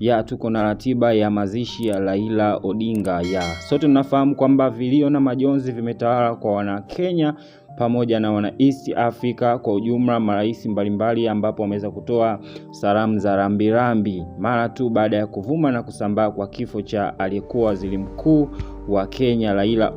ya tuko na ratiba ya mazishi ya Raila Odinga ya sote tunafahamu kwamba vilio na majonzi vimetawala kwa Wanakenya pamoja na wana East Africa kwa ujumla, marais mbalimbali ambapo wameweza kutoa salamu za rambirambi mara tu baada ya kuvuma na kusambaa kwa kifo cha aliyekuwa waziri mkuu wa Kenya Raila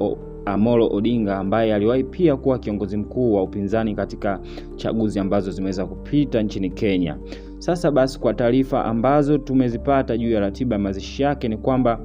Amolo Odinga ambaye aliwahi pia kuwa kiongozi mkuu wa upinzani katika chaguzi ambazo zimeweza kupita nchini Kenya. Sasa basi, kwa taarifa ambazo tumezipata juu ya ratiba ya mazishi yake ni kwamba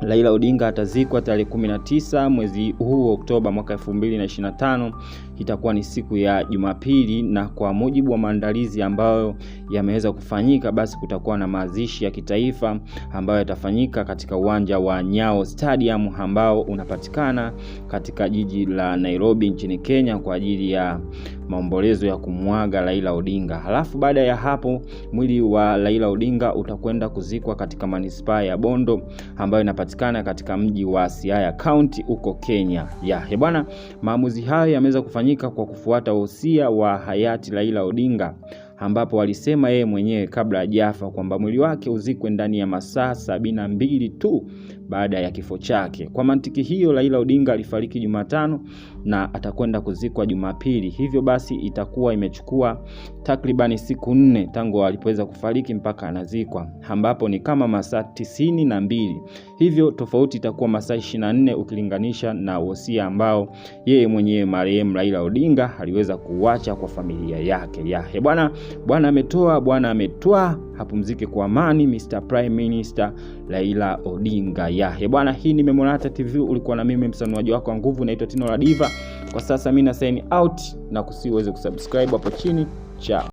Raila Odinga atazikwa tarehe 19 mwezi huu wa Oktoba mwaka 2025, itakuwa ni siku ya Jumapili, na kwa mujibu wa maandalizi ambayo yameweza kufanyika, basi kutakuwa na mazishi ya kitaifa ambayo yatafanyika katika uwanja wa Nyao Stadium ambao unapatikana katika jiji la Nairobi nchini Kenya kwa ajili ya maombolezo ya kumwaga Raila Odinga. Halafu baada ya hapo mwili wa Raila Odinga utakwenda kuzikwa katika manispaa ya Bondo ambayo inapatikana katika mji wa Siaya County huko Kenya. Ya bwana, maamuzi hayo yameweza kufanyika kwa kufuata wosia wa hayati Raila Odinga ambapo alisema yeye mwenyewe kabla ya jafa kwamba mwili wake uzikwe ndani ya masaa sabini na mbili tu baada ya kifo chake. Kwa mantiki hiyo, Raila Odinga alifariki Jumatano na atakwenda kuzikwa Jumapili. Hivyo basi itakuwa imechukua takribani siku nne tangu alipoweza kufariki mpaka anazikwa, ambapo ni kama masaa tisini na mbili. Hivyo tofauti itakuwa masaa ishirini na nne ukilinganisha na wosia ambao yeye mwenyewe marehemu Raila Odinga aliweza kuuacha kwa familia yake ya hebwana. Bwana ametoa, Bwana ametwaa, hapumzike kwa amani Mr Prime Minister Raila Odinga. Yahe bwana, hii ni Memorata TV, ulikuwa na mimi msanuaji wako wa nguvu, naitwa Tino la Diva. Kwa sasa mimi na sign out na kusiweze kusubscribe hapo chini. cha